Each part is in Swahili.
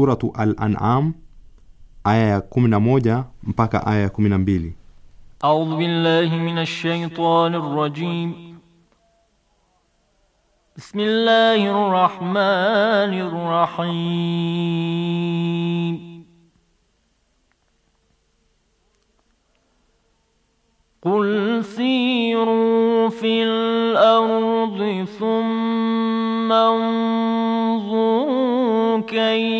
suratu Al-An'am aya ya moja mpaka aya ya mbili. A'udhu billahi minash shaitanir rajim. Bismillahir rahmanir rahim. قل siru في الأرض ثم انظروا كيف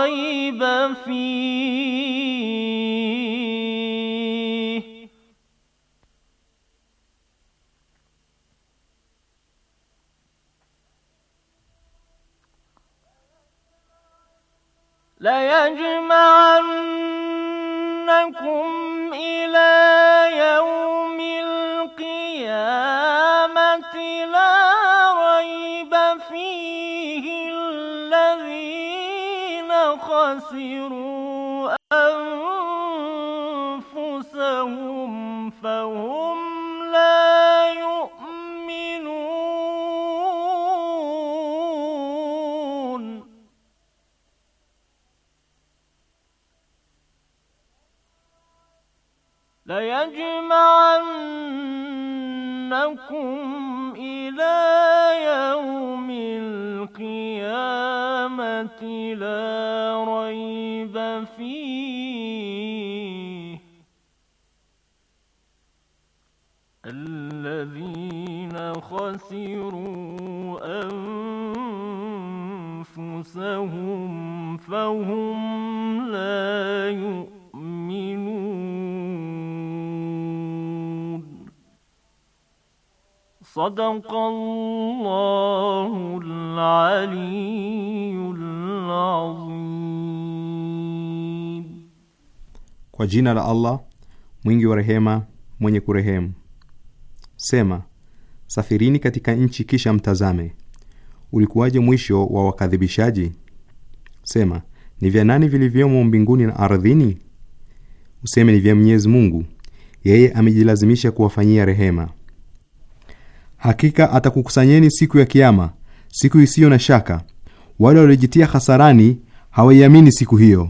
خسروا أنفسهم فهم لا يؤمنون ليجمعنكم إلى يوم القيامة لا ريب فيه الذين خسروا أنفسهم فهم لا يؤمنون صدق الله العليم Kwa jina la Allah mwingi wa rehema mwenye kurehemu. Sema, safirini katika nchi kisha mtazame, ulikuwaje mwisho wa wakadhibishaji? Sema, ni vya nani vilivyomo mbinguni na ardhini? Useme ni vya Mwenyezi Mungu, yeye amejilazimisha kuwafanyia rehema. Hakika atakukusanyeni siku ya kiama siku isiyo na shaka wale waliojitia hasarani hawaiamini siku hiyo.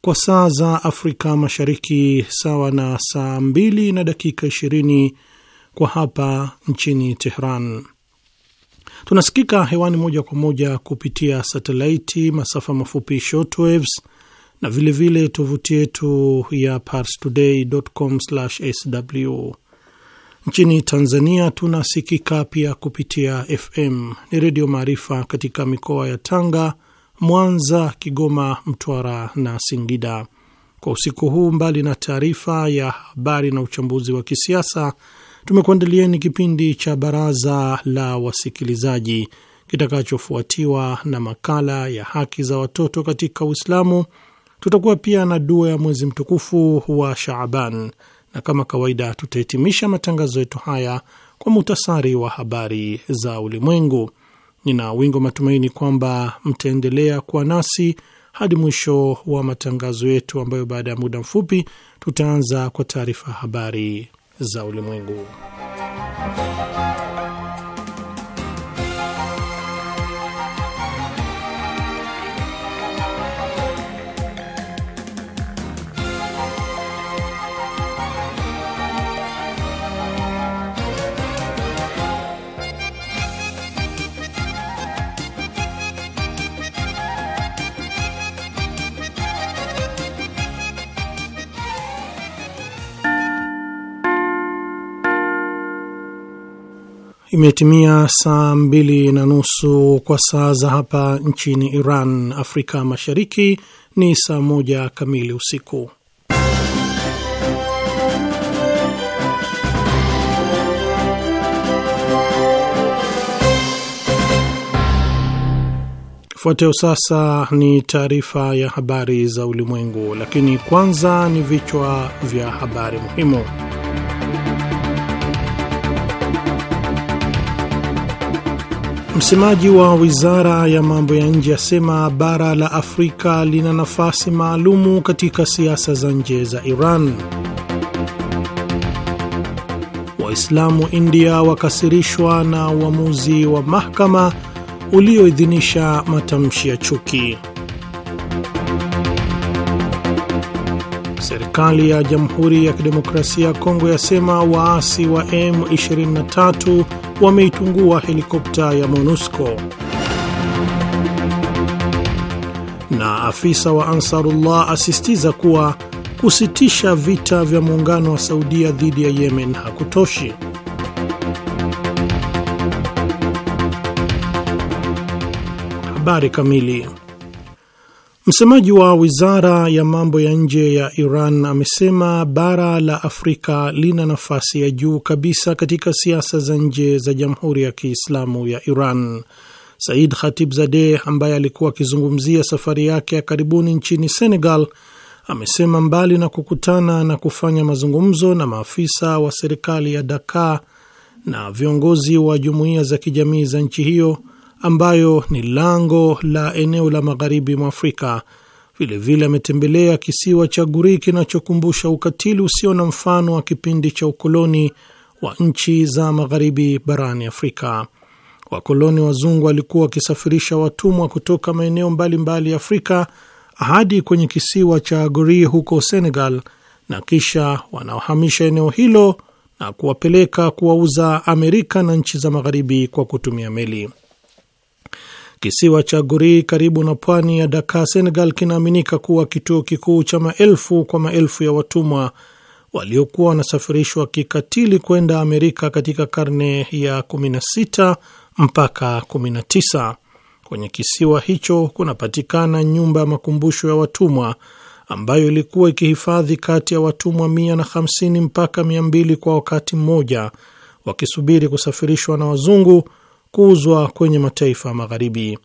kwa saa za Afrika Mashariki, sawa na saa mbili na dakika 20 kwa hapa nchini Tehran. Tunasikika hewani moja kwa moja kupitia satelaiti, masafa mafupi shortwaves na vilevile tovuti yetu ya parstoday.com/sw. Nchini Tanzania tunasikika pia kupitia FM ni Redio Maarifa katika mikoa ya Tanga, Mwanza, Kigoma, Mtwara na Singida. Kwa usiku huu, mbali na taarifa ya habari na uchambuzi wa kisiasa, tumekuandalieni kipindi cha baraza la wasikilizaji kitakachofuatiwa na makala ya haki za watoto katika Uislamu. Tutakuwa pia na dua ya mwezi mtukufu wa Shaaban, na kama kawaida tutahitimisha matangazo yetu haya kwa muhtasari wa habari za ulimwengu. Nina wingo matumaini kwamba mtaendelea kuwa nasi hadi mwisho wa matangazo yetu, ambayo baada ya muda mfupi tutaanza kwa taarifa habari za ulimwengu. Imetimia saa mbili na nusu kwa saa za hapa nchini Iran, Afrika Mashariki ni saa moja kamili usiku. Fuateo sasa ni taarifa ya habari za ulimwengu, lakini kwanza ni vichwa vya habari muhimu. Msemaji wa wizara ya mambo ya nje asema bara la Afrika lina nafasi maalumu katika siasa za nje za Iran. Waislamu India wakasirishwa na uamuzi wa mahakama ulioidhinisha matamshi ya chuki. Serikali ya Jamhuri ya Kidemokrasia ya Kongo yasema waasi wa M23 wameitungua helikopta ya MONUSCO. Na afisa wa Ansarullah asisitiza kuwa kusitisha vita vya muungano wa Saudia dhidi ya Yemen hakutoshi. Habari kamili Msemaji wa wizara ya mambo ya nje ya Iran amesema bara la Afrika lina nafasi ya juu kabisa katika siasa za nje za Jamhuri ya Kiislamu ya Iran. Said Khatibzadeh ambaye alikuwa akizungumzia safari yake ya karibuni nchini Senegal amesema mbali na kukutana na kufanya mazungumzo na maafisa wa serikali ya Dakar na viongozi wa jumuiya za kijamii za nchi hiyo ambayo ni lango la eneo la magharibi mwa Afrika. Vilevile ametembelea kisiwa cha Guri kinachokumbusha ukatili usio na mfano wa kipindi cha ukoloni wa nchi za magharibi barani Afrika. Wakoloni wazungu walikuwa wakisafirisha watumwa kutoka maeneo mbalimbali ya Afrika hadi kwenye kisiwa cha Guri huko Senegal, na kisha wanaohamisha eneo hilo na kuwapeleka kuwauza Amerika na nchi za magharibi kwa kutumia meli. Kisiwa cha Guri karibu na pwani ya Dakar, Senegal, kinaaminika kuwa kituo kikuu cha maelfu kwa maelfu ya watumwa waliokuwa wanasafirishwa kikatili kwenda Amerika katika karne ya 16 mpaka 19. Kwenye kisiwa hicho kunapatikana nyumba ya makumbusho ya watumwa ambayo ilikuwa ikihifadhi kati ya watumwa 150 mpaka 200 kwa wakati mmoja, wakisubiri kusafirishwa na wazungu kuuzwa kwenye mataifa Magharibi.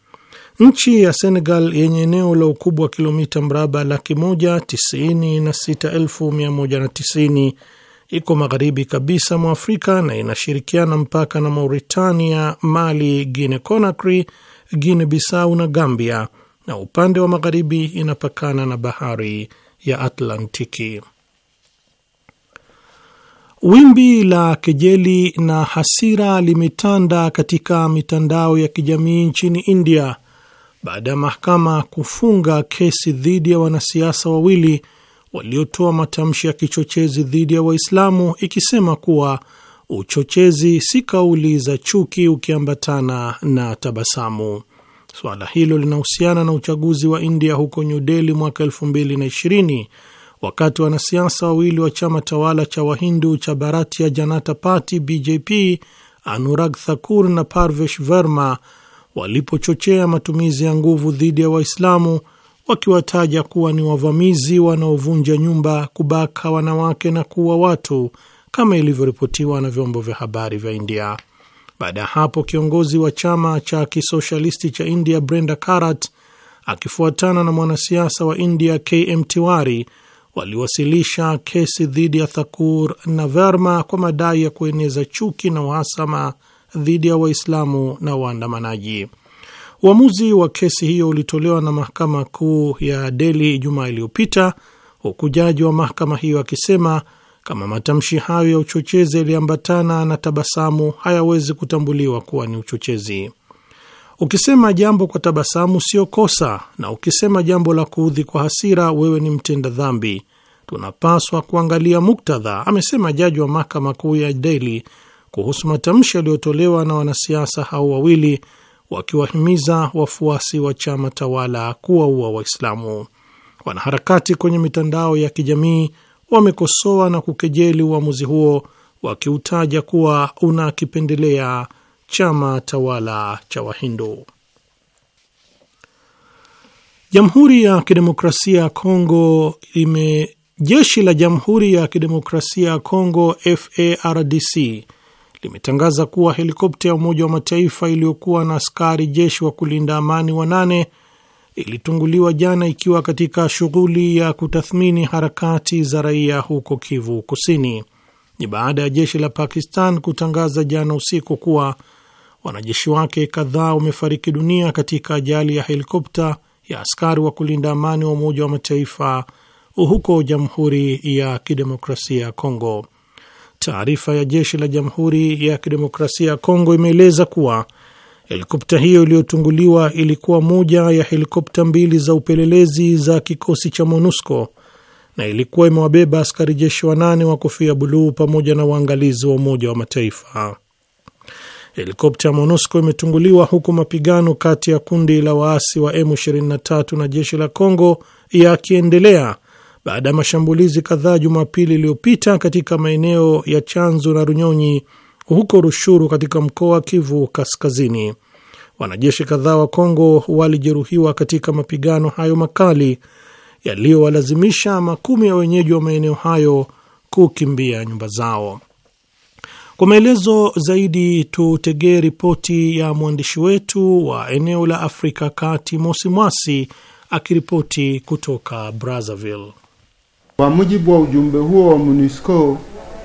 Nchi ya Senegal yenye eneo la ukubwa wa kilomita mraba laki moja tisini na sita elfu mia moja na tisini iko magharibi kabisa mwa Afrika na inashirikiana mpaka na Mauritania, Mali, Guine Conakry, Guine Bissau na Gambia, na upande wa magharibi inapakana na bahari ya Atlantiki. Wimbi la kejeli na hasira limetanda katika mitandao ya kijamii nchini India baada ya mahakama kufunga kesi dhidi ya wanasiasa wawili waliotoa matamshi ya kichochezi dhidi ya Waislamu, ikisema kuwa uchochezi si kauli za chuki ukiambatana na tabasamu. Suala hilo linahusiana na uchaguzi wa India huko New Delhi mwaka wakati wanasiasa wawili wa chama tawala cha Wahindu cha Bharatiya Janata Party BJP, Anurag Thakur na Parvesh Verma walipochochea matumizi ya nguvu dhidi ya Waislamu wakiwataja kuwa ni wavamizi wanaovunja nyumba, kubaka wanawake na kuua watu kama ilivyoripotiwa na vyombo vya habari vya India. Baada ya hapo, kiongozi wa chama cha kisoshalisti cha India Brenda Karat akifuatana na mwanasiasa wa India KM Tiwari waliwasilisha kesi dhidi ya Thakur na Verma kwa madai ya kueneza chuki na uhasama dhidi ya Waislamu na waandamanaji. Uamuzi wa kesi hiyo ulitolewa na mahakama kuu ya deli Ijumaa iliyopita, huku jaji wa mahakama hiyo akisema kama matamshi hayo ya uchochezi yaliambatana na tabasamu hayawezi kutambuliwa kuwa ni uchochezi. Ukisema jambo kwa tabasamu sio kosa, na ukisema jambo la kuudhi kwa hasira, wewe ni mtenda dhambi. Tunapaswa kuangalia muktadha, amesema jaji wa mahakama kuu ya Delhi kuhusu matamshi yaliyotolewa na wanasiasa hao wawili wakiwahimiza wafuasi wa chama tawala kuwaua Waislamu. Wanaharakati kwenye mitandao ya kijamii wamekosoa na kukejeli uamuzi huo wakiutaja kuwa unakipendelea chama tawala cha Wahindu. Jamhuri ya Kidemokrasia ya Kongo ime jeshi la Jamhuri ya Kidemokrasia ya Kongo FARDC limetangaza kuwa helikopta ya Umoja wa Mataifa iliyokuwa na askari jeshi wa kulinda amani wanane ilitunguliwa jana ikiwa katika shughuli ya kutathmini harakati za raia huko Kivu Kusini. Ni baada ya jeshi la Pakistan kutangaza jana usiku kuwa wanajeshi wake kadhaa wamefariki dunia katika ajali ya helikopta ya askari wa kulinda amani wa Umoja wa Mataifa huko Jamhuri ya Kidemokrasia ya Kongo. Taarifa ya jeshi la Jamhuri ya Kidemokrasia ya Kongo imeeleza kuwa helikopta hiyo iliyotunguliwa ilikuwa moja ya helikopta mbili za upelelezi za kikosi cha MONUSCO na ilikuwa imewabeba askari jeshi wanane wa kofia buluu pamoja na waangalizi wa Umoja wa Mataifa. Helikopta ya MONUSCO imetunguliwa huku mapigano kati ya kundi la waasi wa M23 na jeshi la congo yakiendelea baada ya mashambulizi kadhaa Jumapili iliyopita katika maeneo ya Chanzu na Runyonyi huko Rushuru katika mkoa wa Kivu Kaskazini. Wanajeshi kadhaa wa congo walijeruhiwa katika mapigano hayo makali yaliyowalazimisha makumi ya wenyeji wa maeneo hayo kukimbia nyumba zao. Kwa maelezo zaidi tutegee ripoti ya mwandishi wetu wa eneo la Afrika Kati, Mosi Mwasi akiripoti kutoka Brazzaville. Kwa mujibu wa ujumbe huo wa MONUSCO,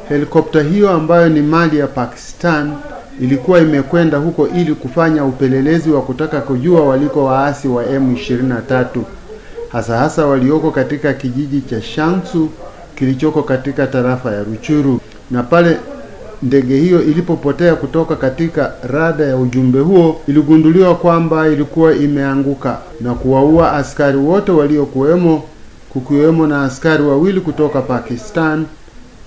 helikopta hiyo ambayo ni mali ya Pakistan ilikuwa imekwenda huko ili kufanya upelelezi wa kutaka kujua waliko waasi wa M23 hasa hasa walioko katika kijiji cha Shansu kilichoko katika tarafa ya Ruchuru na pale ndege hiyo ilipopotea kutoka katika rada ya ujumbe huo, iligunduliwa kwamba ilikuwa imeanguka na kuwaua askari wote waliokuwemo, kukiwemo na askari wawili kutoka Pakistan,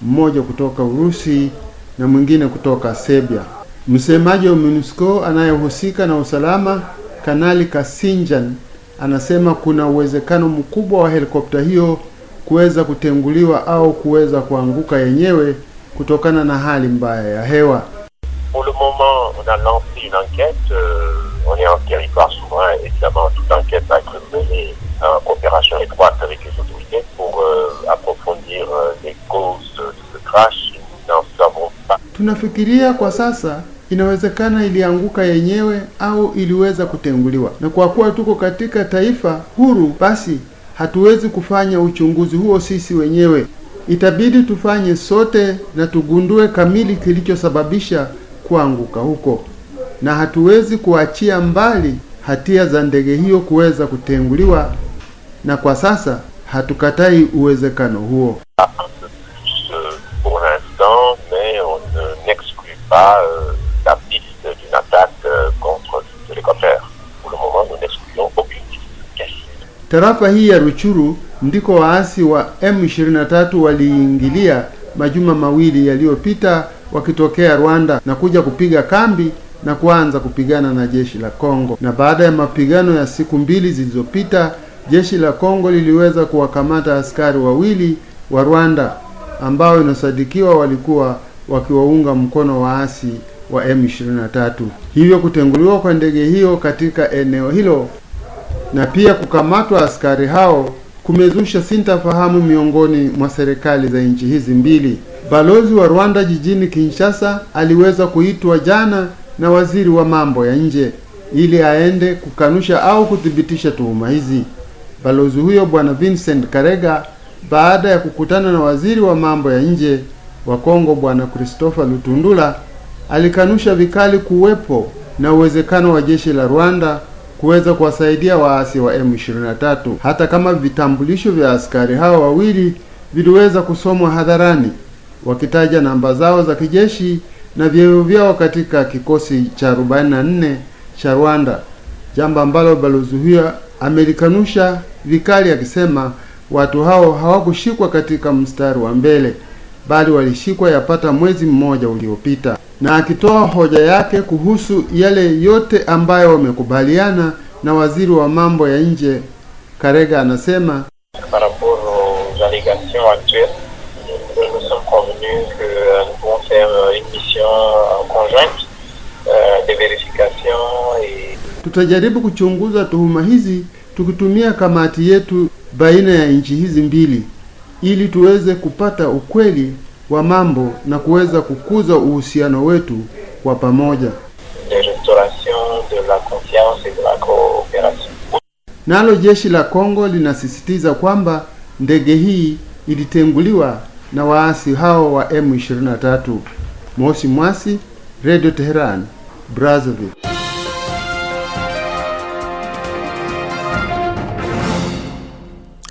mmoja kutoka Urusi na mwingine kutoka Serbia. Msemaji wa MONUSCO anayehusika na usalama, Kanali Kasinjan, anasema kuna uwezekano mkubwa wa helikopta hiyo kuweza kutenguliwa au kuweza kuanguka yenyewe kutokana na hali mbaya ya hewa. Pour le moment, on a lancé une enquête, euh, on est en territoire souverain, évidemment, toute enquête va être menée en coopération étroite avec les autorités pour euh, approfondir euh, les causes de ce crash. Nous savons pas. Tunafikiria kwa sasa inawezekana ilianguka yenyewe au iliweza kutenguliwa, na kwa kuwa tuko katika taifa huru, basi hatuwezi kufanya uchunguzi huo sisi wenyewe itabidi tufanye sote na tugundue kamili kilichosababisha kuanguka huko, na hatuwezi kuachia mbali hatia za ndege hiyo kuweza kutenguliwa, na kwa sasa hatukatai uwezekano huo. Euh, euh, Tarafa hii ya Ruchuru ndiko waasi wa M23 waliingilia majuma mawili yaliyopita wakitokea Rwanda na kuja kupiga kambi na kuanza kupigana na jeshi la Kongo. Na baada ya mapigano ya siku mbili zilizopita, jeshi la Kongo liliweza kuwakamata askari wawili wa Rwanda ambao inasadikiwa walikuwa wakiwaunga mkono waasi wa M23. Hivyo kutenguliwa kwa ndege hiyo katika eneo hilo na pia kukamatwa askari hao kumezusha sintafahamu miongoni mwa serikali za nchi hizi mbili. Balozi wa Rwanda jijini Kinshasa aliweza kuitwa jana na waziri wa mambo ya nje ili aende kukanusha au kuthibitisha tuhuma hizi. Balozi huyo Bwana Vincent Karega, baada ya kukutana na waziri wa mambo ya nje wa Kongo Bwana Christopher Lutundula, alikanusha vikali kuwepo na uwezekano wa jeshi la Rwanda kuweza kuwasaidia waasi wa M23 hata kama vitambulisho vya askari hao wawili viliweza kusomwa hadharani wakitaja namba zao za kijeshi na vyeo vyao katika kikosi cha 44 cha Rwanda, jambo ambalo balozi huyo amelikanusha vikali akisema watu hao hawakushikwa katika mstari wa mbele bali walishikwa yapata mwezi mmoja uliopita, na akitoa hoja yake kuhusu yale yote ambayo wamekubaliana na waziri wa mambo ya nje Karega anasema euh, tutajaribu kuchunguza tuhuma hizi tukitumia kamati yetu baina ya nchi hizi mbili ili tuweze kupata ukweli wa mambo na kuweza kukuza uhusiano wetu kwa pamoja. Nalo jeshi la Kongo linasisitiza kwamba ndege hii ilitenguliwa na waasi hao wa M23. Mosi Mwasi, Radio Teheran, Brazzaville.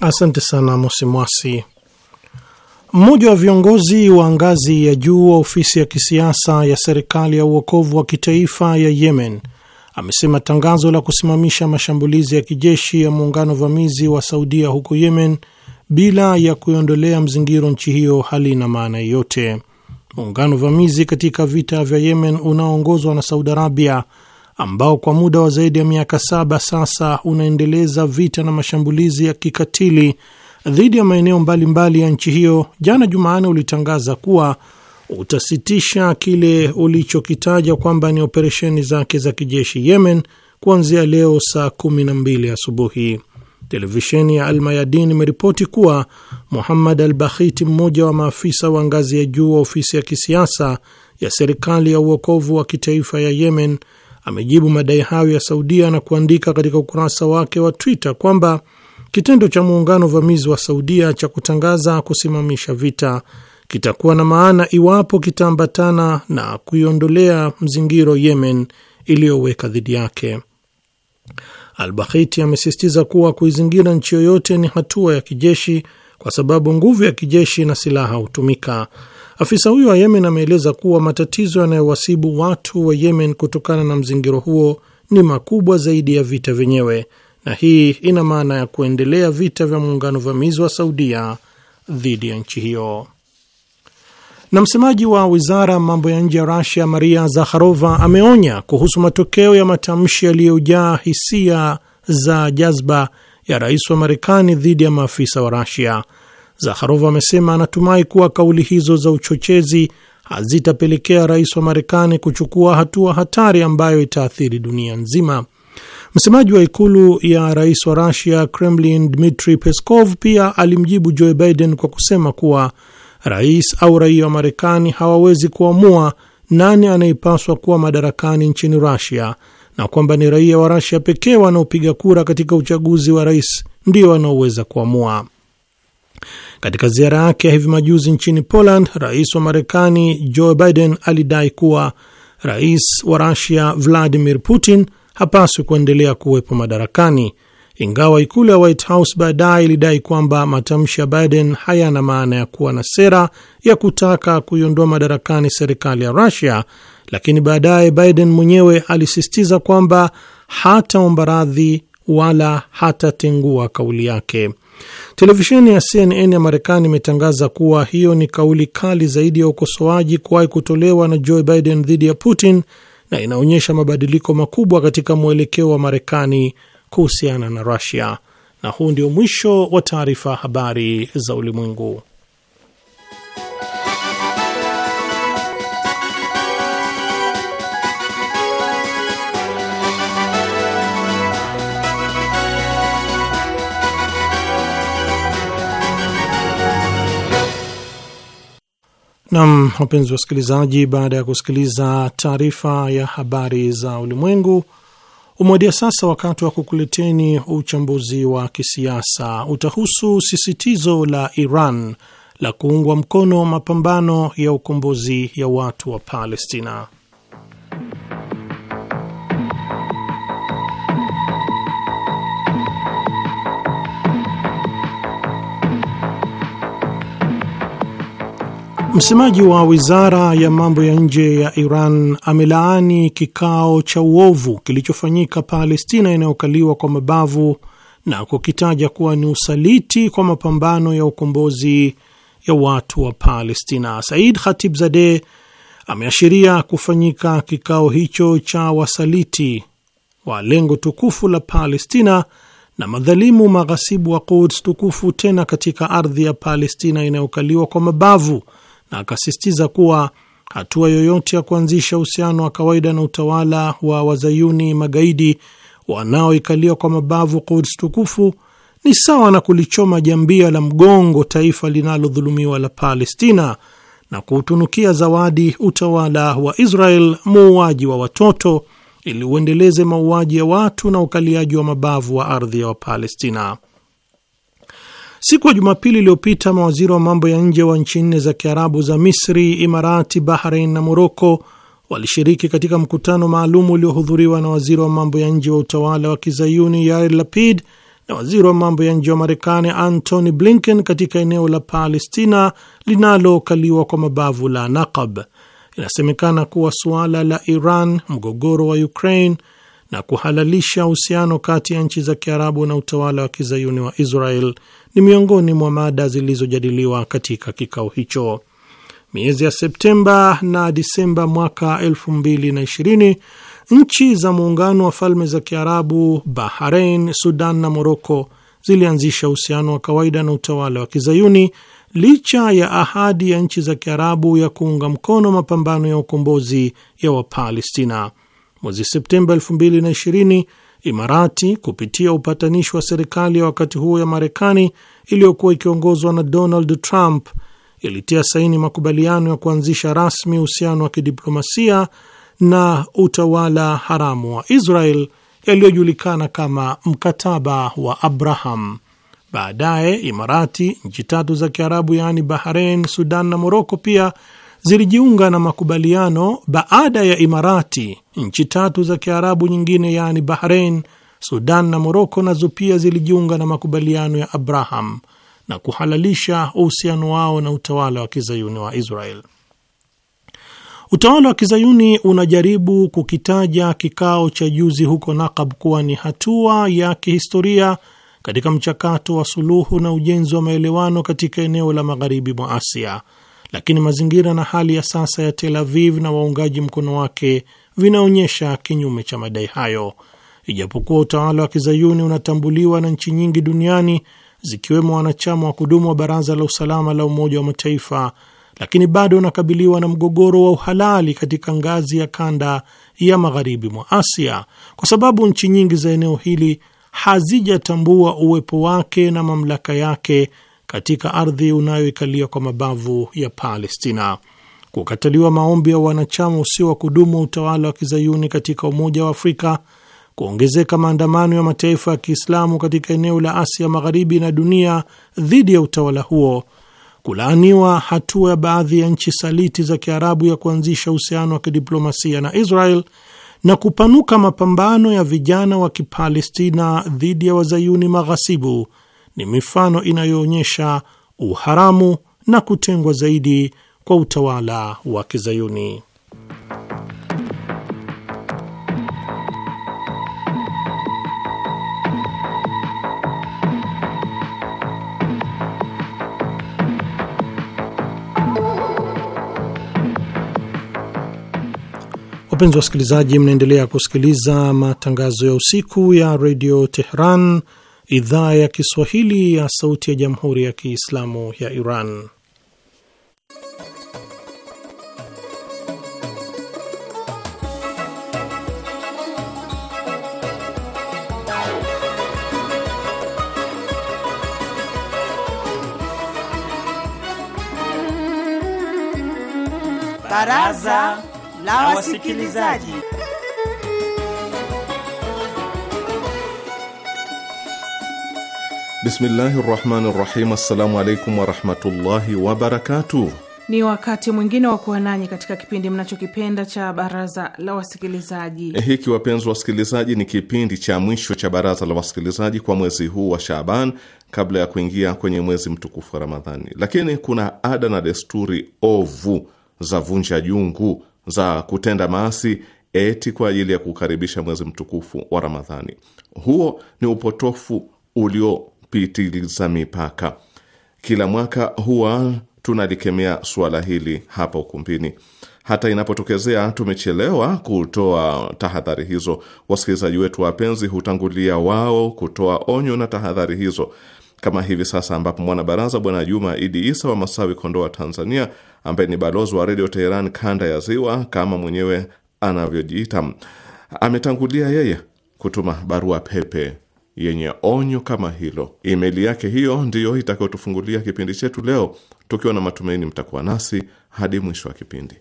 Asante sana Mosi Mwasi. Mmoja wa viongozi wa ngazi ya juu wa ofisi ya kisiasa ya serikali ya uokovu wa kitaifa ya Yemen amesema tangazo la kusimamisha mashambulizi ya kijeshi ya muungano vamizi wa Saudia huko Yemen bila ya kuiondolea mzingiro nchi hiyo halina maana yeyote Muungano vamizi katika vita vya Yemen unaoongozwa na Saudi Arabia, ambao kwa muda wa zaidi ya miaka saba sasa unaendeleza vita na mashambulizi ya kikatili dhidi ya maeneo mbalimbali ya nchi hiyo, jana Jumanne ulitangaza kuwa utasitisha kile ulichokitaja kwamba ni operesheni zake za kijeshi Yemen kuanzia leo saa 12 asubuhi. Televisheni ya Almayadin imeripoti kuwa Muhammad Al Bakhiti, mmoja wa maafisa wa ngazi ya juu wa ofisi ya kisiasa ya serikali ya uokovu wa kitaifa ya Yemen, amejibu madai hayo ya Saudia na kuandika katika ukurasa wake wa Twitter kwamba kitendo cha muungano vamizi wa Saudia cha kutangaza kusimamisha vita kitakuwa na maana iwapo kitaambatana na kuiondolea mzingiro Yemen iliyoweka dhidi yake. albahiti amesisitiza kuwa kuizingira nchi yoyote ni hatua ya kijeshi, kwa sababu nguvu ya kijeshi na silaha hutumika. Afisa huyo wa Yemen ameeleza kuwa matatizo yanayowasibu watu wa Yemen kutokana na mzingiro huo ni makubwa zaidi ya vita vyenyewe na hii ina maana ya kuendelea vita vya muungano vamizi wa Saudia dhidi ya nchi hiyo. Na msemaji wa wizara ya mambo ya nje ya Rasia, Maria Zakharova, ameonya kuhusu matokeo ya matamshi yaliyojaa hisia za jazba ya rais wa Marekani dhidi ya maafisa wa Rasia. Zakharova amesema anatumai kuwa kauli hizo za uchochezi hazitapelekea rais wa Marekani kuchukua hatua hatari ambayo itaathiri dunia nzima. Msemaji wa ikulu ya rais wa Rusia, Kremlin, Dmitri Peskov, pia alimjibu Joe Biden kwa kusema kuwa rais au raia wa Marekani hawawezi kuamua nani anayepaswa kuwa madarakani nchini Rusia na kwamba ni raia wa Rusia pekee wanaopiga kura katika uchaguzi wa rais ndio wanaoweza kuamua. Katika ziara yake ya hivi majuzi nchini Poland, rais wa Marekani Joe Biden alidai kuwa rais wa Rusia Vladimir Putin hapaswi kuendelea kuwepo madarakani, ingawa ikulu ya White House baadaye ilidai kwamba matamshi ya Biden hayana maana ya kuwa na sera ya kutaka kuiondoa madarakani serikali ya Rusia, lakini baadaye Biden mwenyewe alisisitiza kwamba hataomba radhi wala hatatengua kauli yake. Televisheni ya CNN ya Marekani imetangaza kuwa hiyo ni kauli kali zaidi ya ukosoaji kuwahi kutolewa na Joe Biden dhidi ya Putin na inaonyesha mabadiliko makubwa katika mwelekeo wa Marekani kuhusiana na Rusia. Na huu ndio mwisho wa taarifa habari za ulimwengu. Nam, wapenzi wasikilizaji, baada ya kusikiliza taarifa ya habari za ulimwengu, umewadia sasa wakati wa kukuleteni uchambuzi wa kisiasa. Utahusu sisitizo la Iran la kuungwa mkono mapambano ya ukombozi ya watu wa Palestina. Msemaji wa wizara ya mambo ya nje ya Iran amelaani kikao cha uovu kilichofanyika Palestina inayokaliwa kwa mabavu na kukitaja kuwa ni usaliti kwa mapambano ya ukombozi ya watu wa Palestina. Said Khatibzadeh ameashiria kufanyika kikao hicho cha wasaliti wa lengo tukufu la Palestina na madhalimu maghasibu wa Quds tukufu, tena katika ardhi ya Palestina inayokaliwa kwa mabavu na akasisitiza kuwa hatua yoyote ya kuanzisha uhusiano wa kawaida na utawala wa wazayuni magaidi wanaoikalia kwa mabavu Quds tukufu ni sawa na kulichoma jambia la mgongo taifa linalodhulumiwa la Palestina na kuutunukia zawadi utawala wa Israel muuaji wa watoto ili uendeleze mauaji ya watu na ukaliaji wa mabavu wa ardhi ya Wapalestina. Siku ya Jumapili iliyopita mawaziri wa mambo ya nje wa nchi nne za Kiarabu za Misri, Imarati, Bahrain na Moroko walishiriki katika mkutano maalum uliohudhuriwa na waziri wa mambo ya nje wa utawala wa kizayuni Yair Lapid na waziri wa mambo ya nje wa Marekani Antony Blinken katika eneo la Palestina linalokaliwa kwa mabavu la Nakab. Inasemekana kuwa suala la Iran, mgogoro wa Ukraine na kuhalalisha uhusiano kati ya nchi za Kiarabu na utawala wa kizayuni wa Israel ni miongoni mwa mada zilizojadiliwa katika kikao hicho. Miezi ya Septemba na Disemba mwaka 2020 nchi za Muungano wa Falme za Kiarabu, Bahrain, Sudan na Moroko zilianzisha uhusiano wa kawaida na utawala wa Kizayuni licha ya ahadi ya nchi za Kiarabu ya kuunga mkono mapambano ya ukombozi ya Wapalestina. Mwezi Septemba Imarati kupitia upatanishi wa serikali ya wakati huo ya Marekani iliyokuwa ikiongozwa na Donald Trump ilitia saini makubaliano ya kuanzisha rasmi uhusiano wa kidiplomasia na utawala haramu wa Israel yaliyojulikana kama mkataba wa Abraham. Baadaye Imarati, nchi tatu za Kiarabu yaani Bahrain, Sudan na Moroko pia zilijiunga na makubaliano baada ya Imarati. Nchi tatu za Kiarabu nyingine yaani Bahrein, Sudan na Moroko nazo pia zilijiunga na makubaliano ya Abraham na kuhalalisha uhusiano wao na utawala wa kizayuni wa Israel. Utawala wa kizayuni unajaribu kukitaja kikao cha juzi huko Naqab kuwa ni hatua ya kihistoria katika mchakato wa suluhu na ujenzi wa maelewano katika eneo la magharibi mwa Asia lakini mazingira na hali ya sasa ya Tel Aviv na waungaji mkono wake vinaonyesha kinyume cha madai hayo. Ijapokuwa utawala wa kizayuni unatambuliwa na nchi nyingi duniani zikiwemo wanachama wa kudumu wa Baraza la Usalama la Umoja wa Mataifa, lakini bado unakabiliwa na mgogoro wa uhalali katika ngazi ya kanda ya magharibi mwa Asia kwa sababu nchi nyingi za eneo hili hazijatambua uwepo wake na mamlaka yake katika ardhi unayoikalia kwa mabavu ya Palestina. Kukataliwa maombi ya wanachama usio wa kudumu wa utawala wa kizayuni katika Umoja wa Afrika, kuongezeka maandamano ya mataifa ya Kiislamu katika eneo la Asia Magharibi na dunia dhidi ya utawala huo, kulaaniwa hatua ya baadhi ya nchi saliti za Kiarabu ya kuanzisha uhusiano wa kidiplomasia na Israel na kupanuka mapambano ya vijana wa Kipalestina dhidi ya wazayuni maghasibu ni mifano inayoonyesha uharamu na kutengwa zaidi kwa utawala wa Kizayuni. Wapenzi wasikilizaji, mnaendelea kusikiliza matangazo ya usiku ya redio Tehran, idhaa ya Kiswahili ya Sauti ya Jamhuri ya Kiislamu ya Iran. Baraza la Wasikilizaji. Bismillahi rahmani rahim. Assalamu alaikum warahmatullahi wabarakatuh. Ni wakati mwingine wa kuwa nanyi katika kipindi mnachokipenda cha baraza la wasikilizaji. Eh, hiki wapenzi wa wasikilizaji, ni kipindi cha mwisho cha baraza la wasikilizaji kwa mwezi huu wa Shaaban kabla ya kuingia kwenye mwezi mtukufu wa Ramadhani. Lakini kuna ada na desturi ovu za vunja jungu za kutenda maasi eti kwa ajili ya kukaribisha mwezi mtukufu wa Ramadhani. Huo ni upotofu ulio kupitiliza mipaka. Kila mwaka huwa tunalikemea suala hili hapa ukumbini. Hata inapotokezea tumechelewa kutoa tahadhari hizo, wasikilizaji wetu wapenzi hutangulia wao kutoa onyo na tahadhari hizo, kama hivi sasa ambapo mwanabaraza Bwana Juma Idi Isa wa Masawi, Kondoa, Tanzania, ambaye ni balozi wa Redio Teheran kanda ya Ziwa kama mwenyewe anavyojiita, ametangulia yeye kutuma barua pepe yenye onyo kama hilo. Imeli yake hiyo ndiyo itakayotufungulia kipindi chetu leo, tukiwa na matumaini mtakuwa nasi hadi mwisho wa kipindi.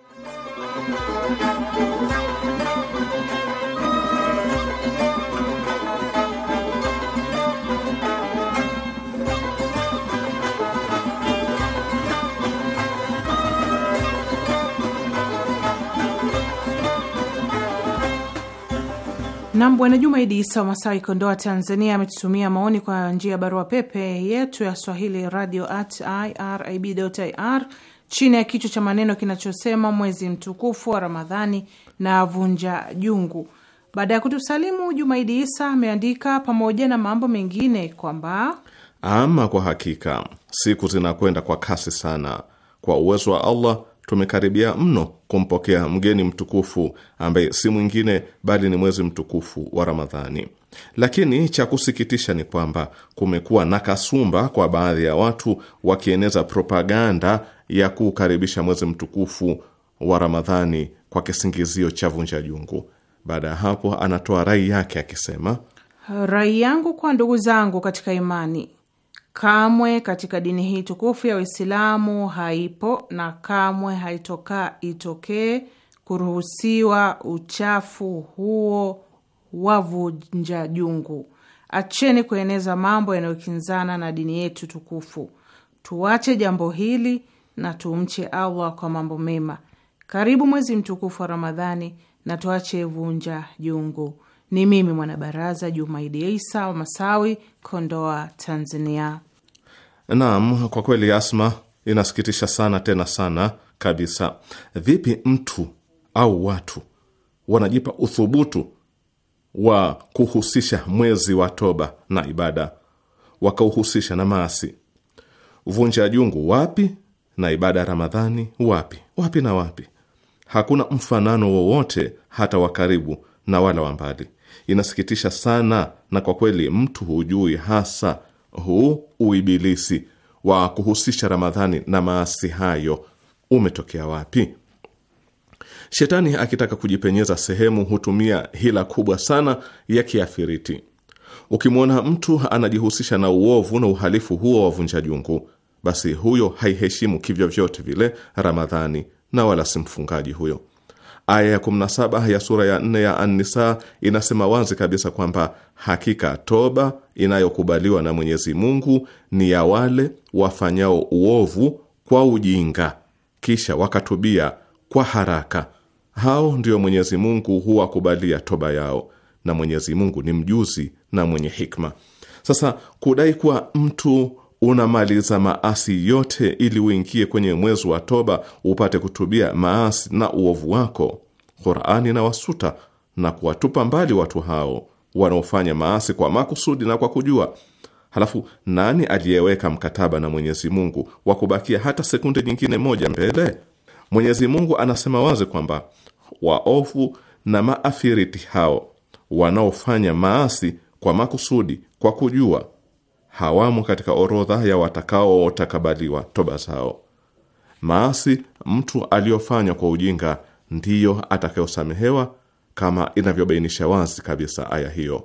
Nam Bwana Juma Idi Isa wa Masawi, Kondoa, Tanzania, ametutumia maoni kwa njia ya barua pepe yetu ya Swahili radio at irib ir chini ya kichwa cha maneno kinachosema mwezi mtukufu wa Ramadhani na vunja jungu. Baada ya kutusalimu, Juma Idi Isa ameandika pamoja na mambo mengine kwamba ama kwa hakika siku zinakwenda kwa kasi sana. Kwa uwezo wa Allah tumekaribia mno kumpokea mgeni mtukufu ambaye si mwingine bali ni mwezi mtukufu wa Ramadhani. Lakini cha kusikitisha ni kwamba kumekuwa na kasumba kwa baadhi ya watu wakieneza propaganda ya kuukaribisha mwezi mtukufu wa Ramadhani kwa kisingizio cha vunja jungu. Baada ya hapo, anatoa rai yake akisema, rai yangu kwa ndugu zangu katika imani Kamwe katika dini hii tukufu ya Uislamu haipo na kamwe haitokaa itokee kuruhusiwa uchafu huo wavunja jungu. Acheni kueneza mambo yanayokinzana na dini yetu tukufu. Tuache jambo hili na tumche Allah kwa mambo mema. Karibu mwezi mtukufu wa Ramadhani na tuache vunja jungu. Ni mimi mwanabaraza Jumaidi Isa wa Masawi, Kondoa, Tanzania. Naam, kwa kweli Asma, inasikitisha sana tena sana kabisa. Vipi mtu au watu wanajipa uthubutu wa kuhusisha mwezi wa toba na ibada wakauhusisha na maasi? Vunja jungu wapi na ibada ya Ramadhani wapi? Wapi na wapi? Hakuna mfanano wowote hata wa karibu na wala wa mbali. Inasikitisha sana, na kwa kweli mtu hujui hasa huu uibilisi wa kuhusisha Ramadhani na maasi hayo umetokea wapi? Shetani akitaka kujipenyeza sehemu hutumia hila kubwa sana ya kiafiriti. Ukimwona mtu anajihusisha na uovu na uhalifu huo wa vunja jungu, basi huyo haiheshimu kivyovyote vile Ramadhani na wala si mfungaji huyo. Aya ya 17 ya sura ya 4 ya An-Nisa inasema wazi kabisa kwamba hakika toba inayokubaliwa na Mwenyezi Mungu ni ya wale wafanyao uovu kwa ujinga kisha wakatubia kwa haraka. Hao ndio Mwenyezi Mungu huwakubalia toba yao, na Mwenyezi Mungu ni mjuzi na mwenye hikma. Sasa kudai kuwa mtu unamaliza maasi yote ili uingie kwenye mwezi wa toba upate kutubia maasi na uovu wako. Qur'ani na wasuta na kuwatupa mbali watu hao wanaofanya maasi kwa makusudi na kwa kujua. Halafu nani aliyeweka mkataba na Mwenyezi Mungu wa kubakia hata sekunde nyingine moja mbele? Mwenyezi Mungu anasema wazi kwamba waofu na maafiriti hao wanaofanya maasi kwa makusudi, kwa kujua hawamo katika orodha ya watakaotakabaliwa toba zao. Maasi mtu aliyofanya kwa ujinga ndiyo atakayosamehewa kama inavyobainisha wazi kabisa aya hiyo.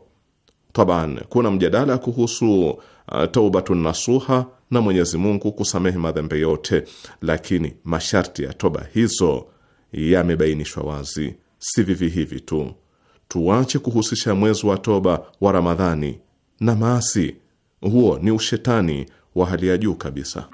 Taban, kuna mjadala kuhusu uh, taubatun nasuha na Mwenyezi Mungu kusamehe madhambi yote, lakini masharti ya toba hizo yamebainishwa wazi, si vivi hivi tu. Tuache kuhusisha mwezi wa toba wa Ramadhani na maasi huo ni ushetani wa hali ya juu kabisa.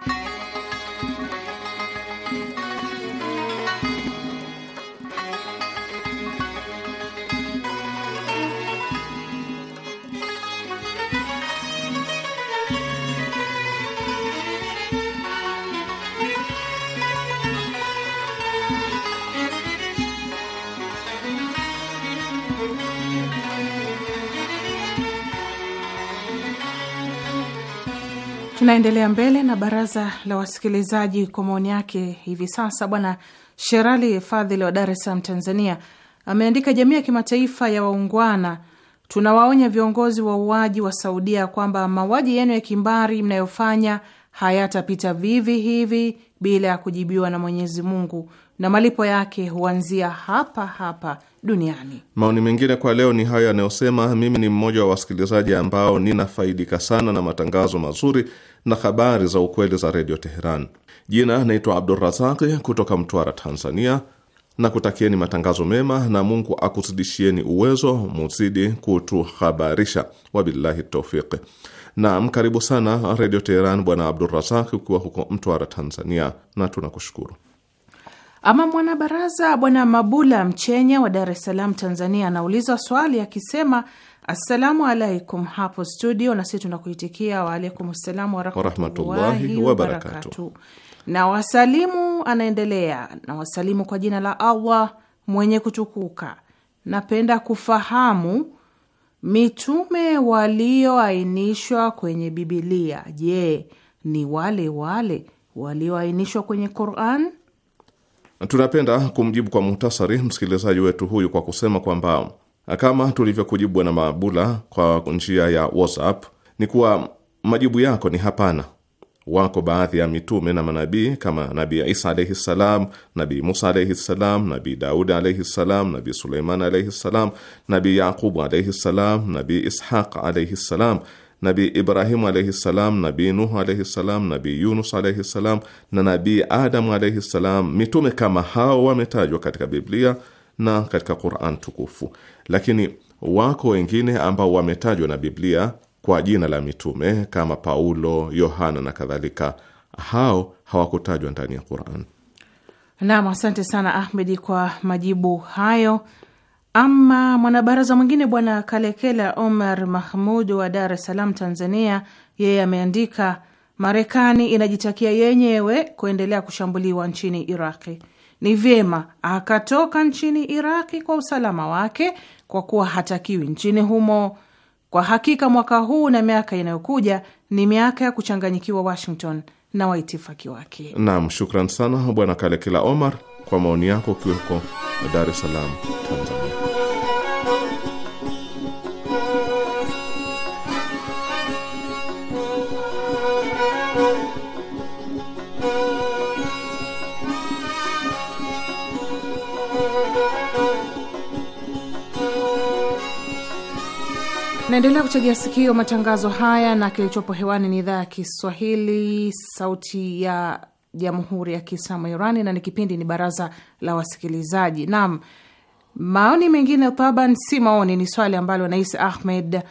Tunaendelea mbele na baraza la wasikilizaji kwa maoni yake hivi sasa. Bwana Sherali Fadhili wa Dar es Salaam, Tanzania, ameandika: jamii ya kimataifa ya waungwana, tunawaonya viongozi wa uaji wa Saudia kwamba mauaji yenu ya kimbari mnayofanya hayatapita vivi hivi bila ya kujibiwa na Mwenyezi Mungu, na malipo yake huanzia hapa hapa duniani. Maoni mengine kwa leo ni hayo yanayosema, mimi ni mmoja wa wasikilizaji ambao ninafaidika sana na matangazo mazuri na habari za ukweli za redio Teheran. Jina naitwa Abdurazaki kutoka Mtwara, Tanzania, na kutakieni matangazo mema na Mungu akuzidishieni uwezo, muzidi kutuhabarisha. Wabillahi taufiqi. Naam, karibu sana Redio Teheran, Bwana Abdurazaki, ukiwa huko Mtwara, Tanzania, na tunakushukuru. Ama mwanabaraza Bwana Mabula mchenya wa Dar es Salaam, Tanzania, anauliza swali akisema assalamu alaikum hapo studio, na sisi tunakuitikia waalaikum ssalamu warahmatullahi wabarakatu. Na wasalimu, anaendelea na wasalimu kwa jina la Allah mwenye kutukuka. Napenda kufahamu mitume walioainishwa kwenye Bibilia, je, ni wale wale walioainishwa kwenye Quran? Tunapenda kumjibu kwa muhtasari msikilizaji wetu huyu kwa kusema kwamba kama tulivyokujibwa na mabula kwa njia ya WhatsApp ni kuwa majibu yako ni hapana. Wako baadhi ya mitume na manabii kama Nabii Isa alaihi ssalam, Nabii Musa alaihi ssalam, Nabii Daudi alaihi ssalam, Nabii Suleiman alaihi ssalam, Nabii Yaqubu alaihi ssalam, Nabii Ishaq alaihi ssalam Nabii Ibrahimu alaihi salam, Nabii Nuhu alaihi salam, Nabi Yunus alaihi salam na Nabii Adamu alaihi salam. Mitume kama hao wametajwa katika Biblia na katika Quran tukufu, lakini wako wengine ambao wametajwa na Biblia kwa jina la mitume kama Paulo, Yohana na kadhalika. Hao hawakutajwa ndani ya Quran. Nam, asante sana Ahmedi kwa majibu hayo ama mwanabaraza mwingine bwana Kalekela Omar Mahmud wa Dar es Salaam, Tanzania, yeye ameandika, Marekani inajitakia yenyewe kuendelea kushambuliwa nchini Iraqi. Ni vyema akatoka nchini Iraqi kwa usalama wake, kwa kuwa hatakiwi nchini humo. Kwa hakika mwaka huu na miaka inayokuja ni miaka ya kuchanganyikiwa Washington na waitifaki wake. Naam, shukran sana bwana Kalekela Omar kwa maoni yako, ukiweko Dar es Salaam, Tanzania. Mnaendelea kuchegea sikio matangazo haya, na kilichopo hewani ni idhaa ya Kiswahili, Sauti ya Jamhuri ya Kiislamu ya Irani, na ni kipindi ni Baraza la Wasikilizaji. Naam, maoni mengine taban si maoni, ni swali ambalo Nais Ahmed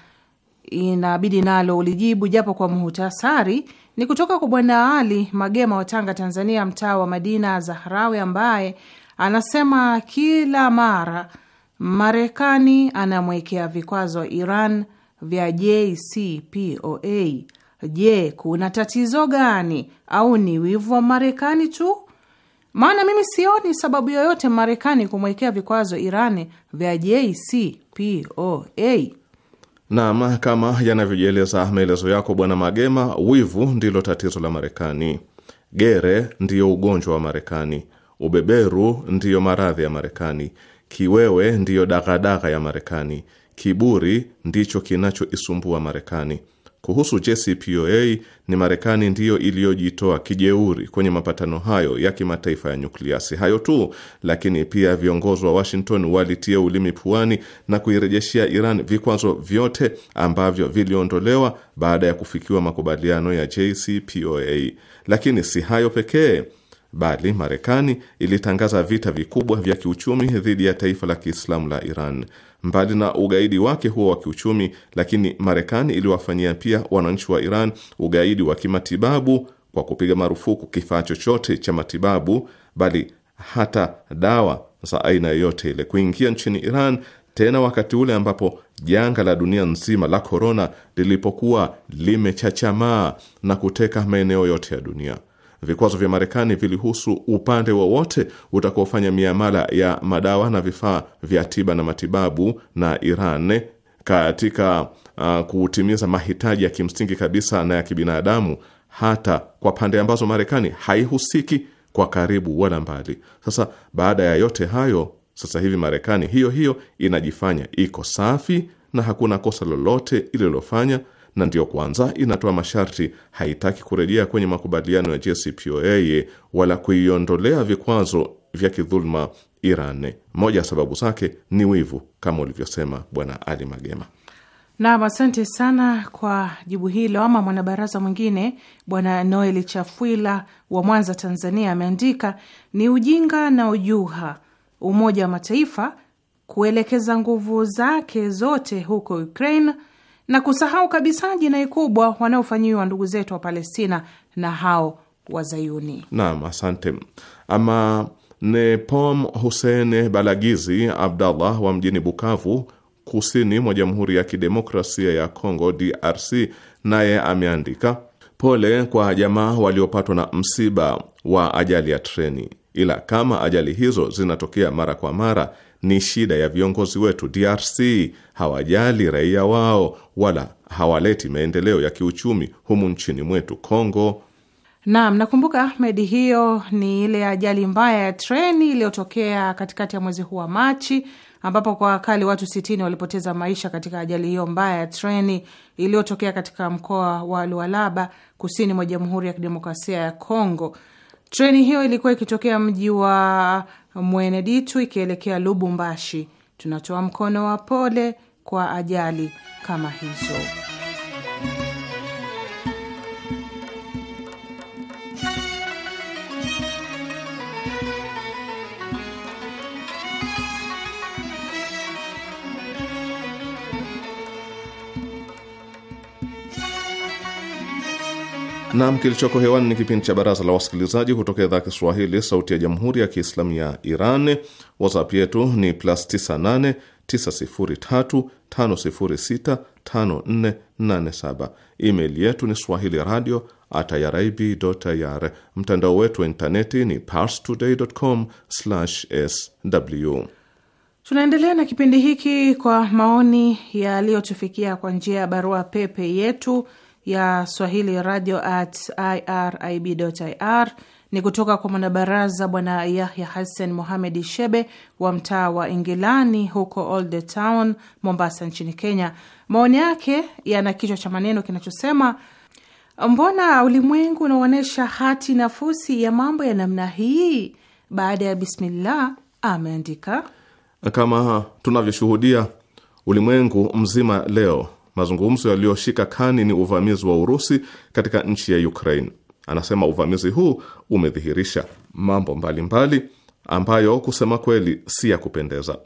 inabidi nalo ulijibu japo kwa muhutasari. Ni kutoka kwa Bwana Ali Magema wa Tanga, Tanzania, mtaa wa Madina Zahrawi, ambaye anasema kila mara Marekani anamwekea vikwazo Iran vya JCPOA. Je, kuna tatizo gani au ni wivu wa Marekani tu? Maana mimi sioni sababu yoyote Marekani kumwekea vikwazo Irani vya JCPOA. Naam, kama yanavyojieleza maelezo yako Bwana Magema, wivu ndilo tatizo la Marekani, gere ndiyo ugonjwa wa Marekani, ubeberu ndiyo maradhi ya Marekani, kiwewe ndiyo dagadaga ya Marekani, Kiburi ndicho kinachoisumbua Marekani. Kuhusu JCPOA ni Marekani ndiyo iliyojitoa kijeuri kwenye mapatano hayo ya kimataifa ya nyuklia. Si hayo tu, lakini pia viongozi wa Washington walitia ulimi puani na kuirejeshea Iran vikwazo vyote ambavyo viliondolewa baada ya kufikiwa makubaliano ya JCPOA. Lakini si hayo pekee, bali Marekani ilitangaza vita vikubwa vya kiuchumi dhidi ya taifa la Kiislamu la Iran. Mbali na ugaidi wake huo wa kiuchumi, lakini Marekani iliwafanyia pia wananchi wa Iran ugaidi wa kimatibabu kwa kupiga marufuku kifaa chochote cha matibabu, bali hata dawa za aina yoyote ile kuingia nchini Iran, tena wakati ule ambapo janga la dunia nzima la korona lilipokuwa limechachamaa na kuteka maeneo yote ya dunia. Vikwazo vya Marekani vilihusu upande wowote utakaofanya miamala ya madawa na vifaa vya tiba na matibabu na Iran katika uh, kutimiza mahitaji ya kimsingi kabisa na ya kibinadamu, hata kwa pande ambazo Marekani haihusiki kwa karibu wala mbali. Sasa baada ya yote hayo, sasa hivi Marekani hiyo hiyo inajifanya iko safi na hakuna kosa lolote ililofanya na ndiyo kwanza inatoa masharti, haitaki kurejea kwenye makubaliano ya JCPOA wala kuiondolea vikwazo vya kidhuluma Iran. Moja ya sababu zake ni wivu, kama ulivyosema Bwana Ali Magema. Nam, asante sana kwa jibu hilo. Ama mwanabaraza mwingine Bwana Noel Chafwila wa Mwanza, Tanzania, ameandika ni ujinga na ujuha Umoja wa Mataifa kuelekeza nguvu zake zote huko Ukraine na kusahau kabisa jinai kubwa wanaofanyiwa ndugu zetu wa Palestina na hao Wazayuni. Naam, asante. Ama Nepom Hussein Balagizi Abdallah wa mjini Bukavu, kusini mwa Jamhuri ya Kidemokrasia ya Kongo, DRC, naye ameandika pole kwa jamaa waliopatwa na msiba wa ajali ya treni, ila kama ajali hizo zinatokea mara kwa mara ni shida ya viongozi wetu DRC. Hawajali raia wao wala hawaleti maendeleo ya kiuchumi humu nchini mwetu Kongo. Naam, nakumbuka Ahmed, hiyo ni ile ajali mbaya ya treni iliyotokea katikati ya mwezi huu wa Machi ambapo kwa wakali watu sitini walipoteza maisha katika ajali hiyo mbaya ya treni iliyotokea katika mkoa wa Lualaba kusini mwa Jamhuri ya Kidemokrasia ya Kongo. Treni hiyo ilikuwa ikitokea mji wa mweneditu ikielekea Lubumbashi. Tunatoa mkono wa pole kwa ajali kama hizo. Nam, kilichoko hewani ni kipindi cha Baraza la Wasikilizaji kutoka idhaa ya Kiswahili, Sauti ya Jamhuri ya Kiislamu ya Iran. WhatsApp yetu ni plus 98 9035065487. Email yetu ni swahili radio at irib.ir. Mtandao wetu wa intaneti ni parstoday.com/sw. Tunaendelea na kipindi hiki kwa maoni yaliyotufikia kwa njia ya barua pepe yetu ya Swahili radio at irib ir ni kutoka kwa mwanabaraza Bwana Yahya Hassan muhamed Shebe wa mtaa wa Ingilani huko Old Town, Mombasa nchini Kenya. Maoni yake yana kichwa cha maneno kinachosema mbona ulimwengu unaonyesha hati nafusi ya mambo ya namna hii? Baada ya bismillah, ameandika kama tunavyoshuhudia ulimwengu mzima leo Mazungumzo yaliyoshika kani ni uvamizi wa Urusi katika nchi ya Ukraine. Anasema uvamizi huu umedhihirisha mambo mbalimbali mbali, ambayo kusema kweli si ya kupendeza.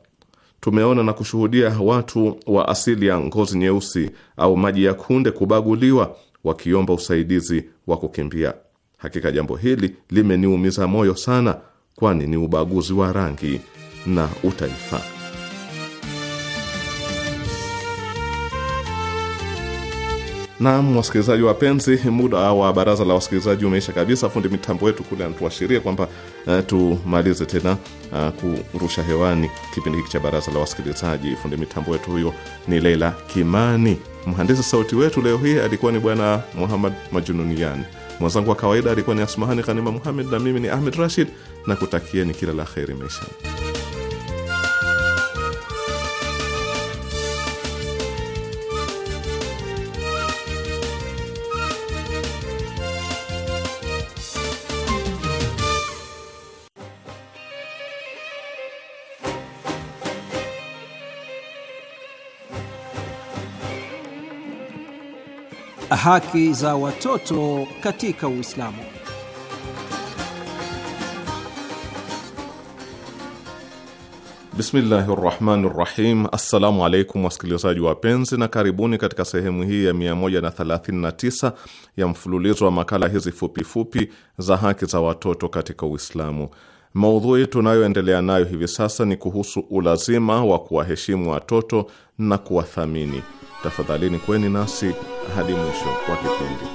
Tumeona na kushuhudia watu wa asili ya ngozi nyeusi au maji ya kunde kubaguliwa, wakiomba usaidizi wa kukimbia. Hakika jambo hili limeniumiza moyo sana, kwani ni ubaguzi wa rangi na utaifa. Naam, wasikilizaji wapenzi, muda wa baraza la wasikilizaji umeisha kabisa. Fundi mitambo wetu kule anatuashiria kwamba uh, tumalize tena uh, kurusha hewani kipindi hiki cha baraza la wasikilizaji. Fundi mitambo wetu huyo ni Leila Kimani. Mhandisi sauti wetu leo hii alikuwa ni Bwana Muhammad Majununiani. Mwenzangu wa kawaida alikuwa ni Asmahani Ghanima Muhamed na mimi ni Ahmed Rashid, na kutakieni kila la kheri maishani. Haki za watoto katika Uislamu. Bismillahi rahmani rahim. Assalamu alaikum wasikilizaji wapenzi, na karibuni katika sehemu hii ya 139 ya mfululizo wa makala hizi fupifupi za haki za watoto katika Uislamu. Maudhui tunayoendelea nayo hivi sasa ni kuhusu ulazima wa kuwaheshimu watoto na kuwathamini. Tafadhalini kweni nasi hadi mwisho wa kipindi.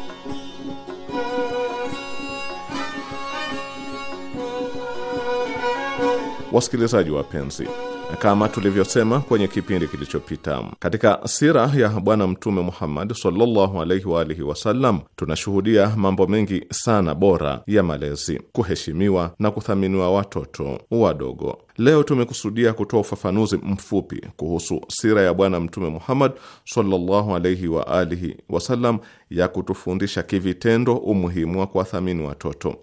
Wasikilizaji wapenzi kama tulivyosema kwenye kipindi kilichopita, katika sira ya Bwana Mtume Muhammad sallallahu alaihi wa alihi wasallam, tunashuhudia mambo mengi sana bora ya malezi, kuheshimiwa na kuthaminiwa watoto wadogo. Leo tumekusudia kutoa ufafanuzi mfupi kuhusu sira ya Bwana Mtume Muhammad sallallahu alaihi wa alihi wasallam ya kutufundisha kivitendo umuhimu wa kuwathamini watoto.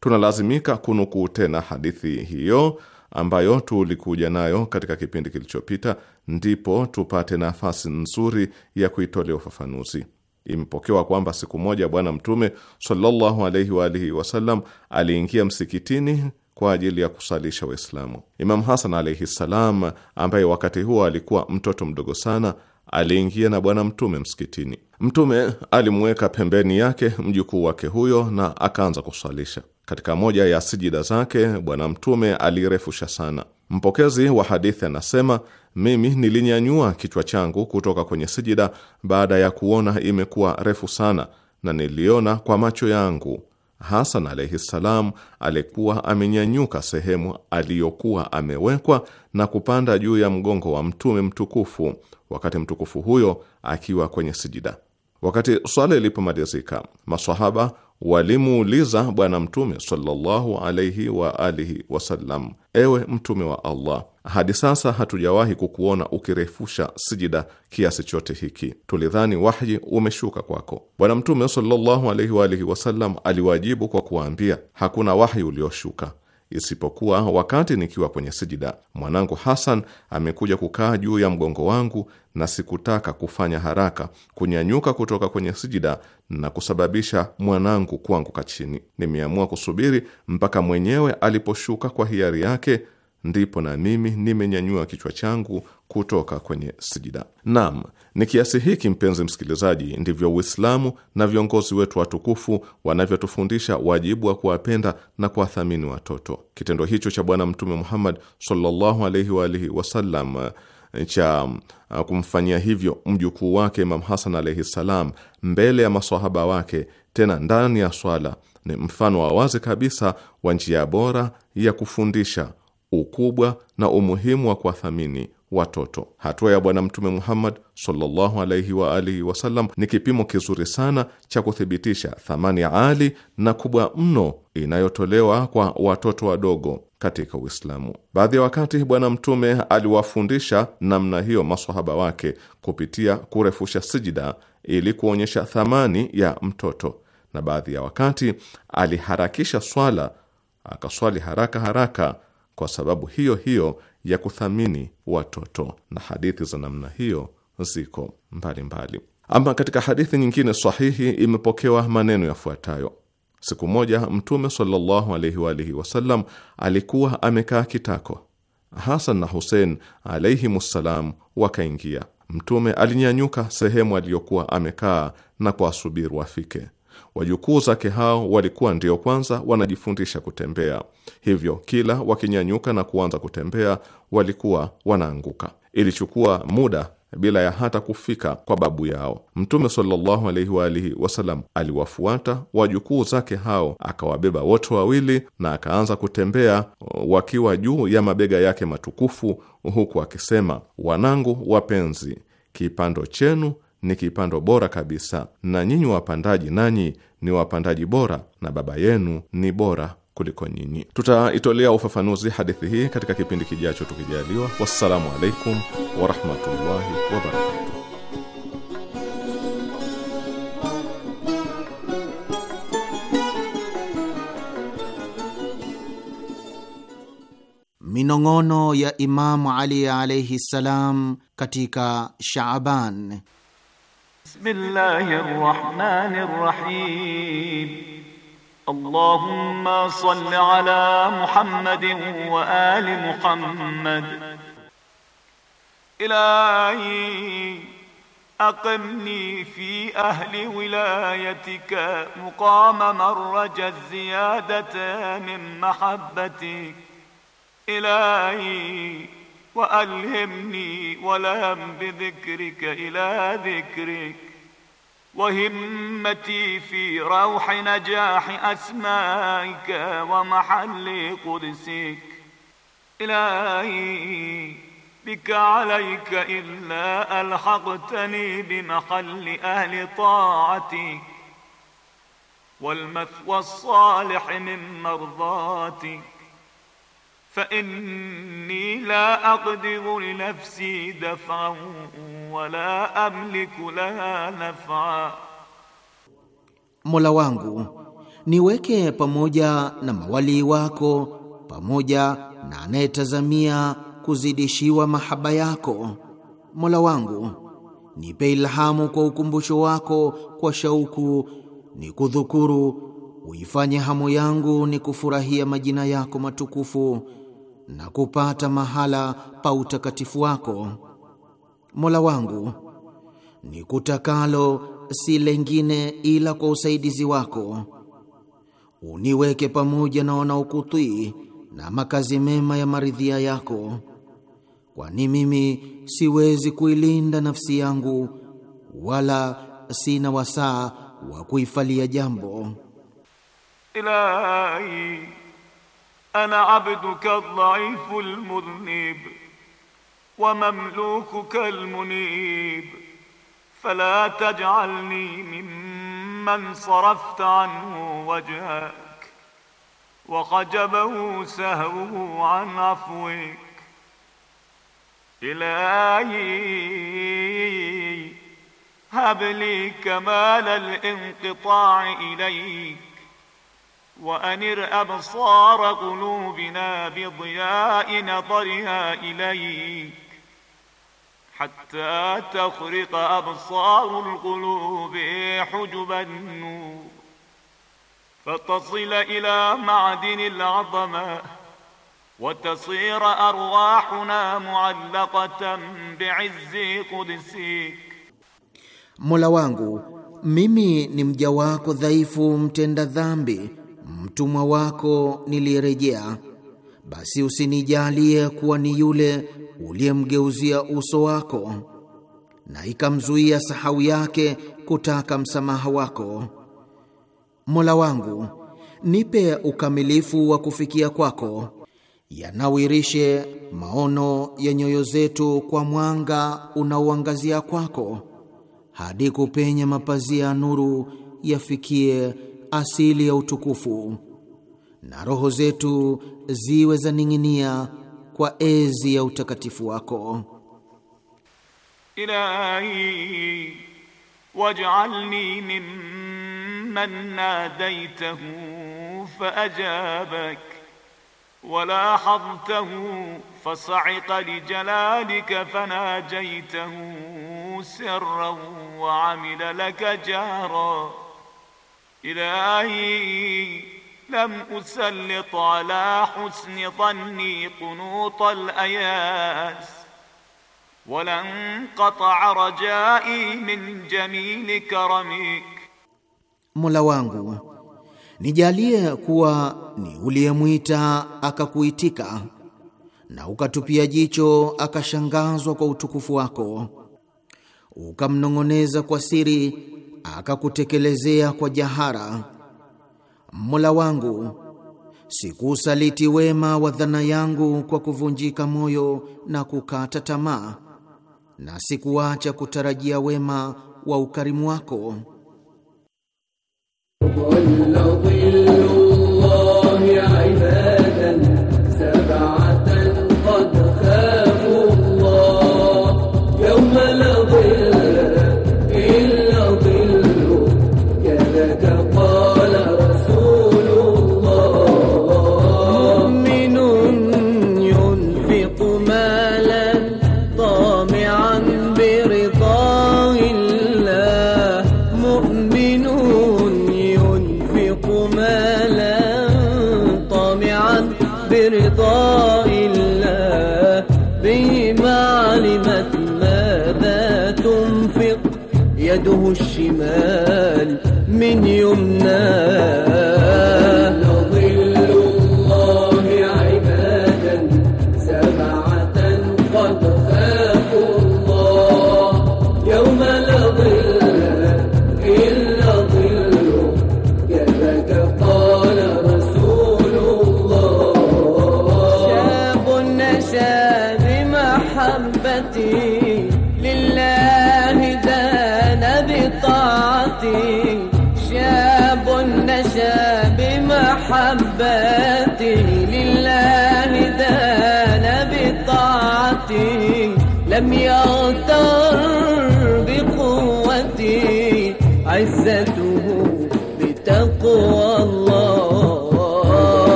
Tunalazimika kunukuu tena hadithi hiyo ambayo tulikuja nayo katika kipindi kilichopita, ndipo tupate nafasi nzuri ya kuitolea ufafanuzi. Imepokewa kwamba siku moja Bwana Mtume sallallahu alaihi wa alihi wasallam aliingia msikitini kwa ajili ya kusalisha Waislamu. Imamu Hasan alaihi ssalam, ambaye wakati huo alikuwa mtoto mdogo sana aliingia na Bwana Mtume msikitini. Mtume alimweka pembeni yake mjukuu wake huyo na akaanza kuswalisha. Katika moja ya sijida zake Bwana Mtume alirefusha sana. Mpokezi wa hadithi anasema, mimi nilinyanyua kichwa changu kutoka kwenye sijida baada ya kuona imekuwa refu sana, na niliona kwa macho yangu Hasan alaihi ssalam alikuwa amenyanyuka sehemu aliyokuwa amewekwa na kupanda juu ya mgongo wa mtume mtukufu, wakati mtukufu huyo akiwa kwenye sijida. Wakati swala ilipomalizika, masahaba walimuuliza Bwana Mtume sallallahu alaihi wa alihi wasallam, ewe Mtume wa Allah, hadi sasa hatujawahi kukuona ukirefusha sijida kiasi chote hiki, tulidhani wahyi umeshuka kwako. Bwana Mtume sallallahu alaihi wa alihi wasallam aliwajibu kwa kuwaambia, hakuna wahyi ulioshuka isipokuwa wakati nikiwa kwenye sijida. Mwanangu Hasan amekuja kukaa juu ya mgongo wangu na sikutaka kufanya haraka kunyanyuka kutoka kwenye sijida na kusababisha mwanangu kuanguka chini. Nimeamua kusubiri mpaka mwenyewe aliposhuka kwa hiari yake, ndipo na mimi nimenyanyua kichwa changu kutoka kwenye sijida. Naam, ni kiasi hiki, mpenzi msikilizaji, ndivyo Uislamu na viongozi wetu watukufu wanavyotufundisha wajibu wa kuwapenda na kuwathamini watoto. Kitendo hicho cha Bwana Mtume Muhammad sallallahu alaihi wa alihi wasallam cha uh, kumfanyia hivyo mjukuu wake Imam Hasan alaihi ssalam mbele ya masahaba wake, tena ndani ya swala, ni mfano wa wazi kabisa wa njia bora ya kufundisha ukubwa na umuhimu wa kuwathamini watoto. Hatua ya Bwana Mtume Muhammad sallallahu alaihi wa alihi wasallam ni kipimo kizuri sana cha kuthibitisha thamani ali na kubwa mno inayotolewa kwa watoto wadogo katika Uislamu. Baadhi ya wakati Bwana Mtume aliwafundisha namna hiyo masahaba wake kupitia kurefusha sijida ili kuonyesha thamani ya mtoto, na baadhi ya wakati aliharakisha swala akaswali haraka haraka kwa sababu hiyo hiyo ya kuthamini watoto, na hadithi za namna hiyo ziko mbalimbali. Ama katika hadithi nyingine sahihi imepokewa maneno yafuatayo: siku moja Mtume sallallahu alaihi wa alihi wasallam alikuwa amekaa kitako, Hasan na Husein alaihimussalam wakaingia. Mtume alinyanyuka sehemu aliyokuwa amekaa na kuwasubiri wafike Wajukuu zake hao walikuwa ndio kwanza wanajifundisha kutembea, hivyo kila wakinyanyuka na kuanza kutembea walikuwa wanaanguka. Ilichukua muda bila ya hata kufika kwa babu yao. Mtume sallallahu alaihi wa alihi wasallam aliwafuata wajukuu zake hao, akawabeba wote wawili na akaanza kutembea wakiwa juu ya mabega yake matukufu, huku akisema, wanangu wapenzi, kipando chenu ni kipando bora kabisa, na nyinyi wapandaji nanyi ni wapandaji bora, na baba yenu ni bora kuliko nyinyi. Tutaitolea ufafanuzi hadithi hii katika kipindi kijacho tukijaliwa. Wassalamu alaikum warahmatullahi wabarakatuh. Minong'ono ya Imamu Ali alaihi salam katika Shaaban. بسم الله الرحمن الرحيم اللهم صل على محمد وآل محمد إلهي أقمني في أهل ولايتك مقام من الزيادة من محبتك إلهي وألهمني ولهم بذكرك إلى ذكرك وهمتي في روح نجاح أسمائك ومحل قدسك إلهي بك عليك إلا ألحقتني بمحل أهل طاعتك والمثوى الصالح من مرضاتك fa inni la aqdiru li nafsi daf'an wa la amliku laha naf'a, Mola wangu niweke pamoja na mawalii wako pamoja na anayetazamia kuzidishiwa mahaba yako. Mola wangu nipe ilhamu kwa ukumbusho wako, kwa shauku ni kudhukuru, uifanye hamu yangu ni kufurahia majina yako matukufu na kupata mahala pa utakatifu wako. Mola wangu, ni kutakalo si lengine ila kwa usaidizi wako. Uniweke pamoja na wanaokutii na makazi mema ya maridhia yako, kwani mimi siwezi kuilinda nafsi yangu wala sina wasaa wa kuifalia jambo. Ilahi أنا عبدك الضعيف المذنب ومملوكك المنيب فلا تجعلني ممن صرفت عنه وجهك وخجبه سهوه عن عفوك إلهي هب لي كمال الانقطاع إليك wa anir absara qulubina bi dhiya'i natariha ilayk hatta takhriqa absarul qulubi hujuban nur fatasila ila ma'dinil 'azama watasira arwahuna muallaqatan bi'izzi qudusik, Mola wangu mimi ni mja wako dhaifu, mtenda dhambi mtumwa wako nilirejea, basi usinijalie kuwa ni yule uliyemgeuzia uso wako na ikamzuia sahau yake kutaka msamaha wako. Mola wangu, nipe ukamilifu wa kufikia kwako, yanawirishe maono ya nyoyo zetu kwa mwanga unaoangazia kwako, hadi kupenya mapazia ya nuru yafikie asili ya utukufu, na roho zetu ziwe za ning'inia kwa ezi ya utakatifu wako. Ilahi waj'alni mimman nadaitahu faajabak wala hadhtahu fasaiqa lijalalika fanajaitahu sirran wa amila laka jara إلهي لم أسلط على حسن ظني قنوط الأياس ولا انقطع رجائي من جميل كرمك Mola wangu nijalie kuwa ni uliyemwita akakuitika na ukatupia jicho akashangazwa kwa utukufu wako ukamnong'oneza kwa siri akakutekelezea kwa jahara. Mola wangu, sikuusaliti wema wa dhana yangu kwa kuvunjika moyo na kukata tamaa, na sikuacha kutarajia wema wa ukarimu wako.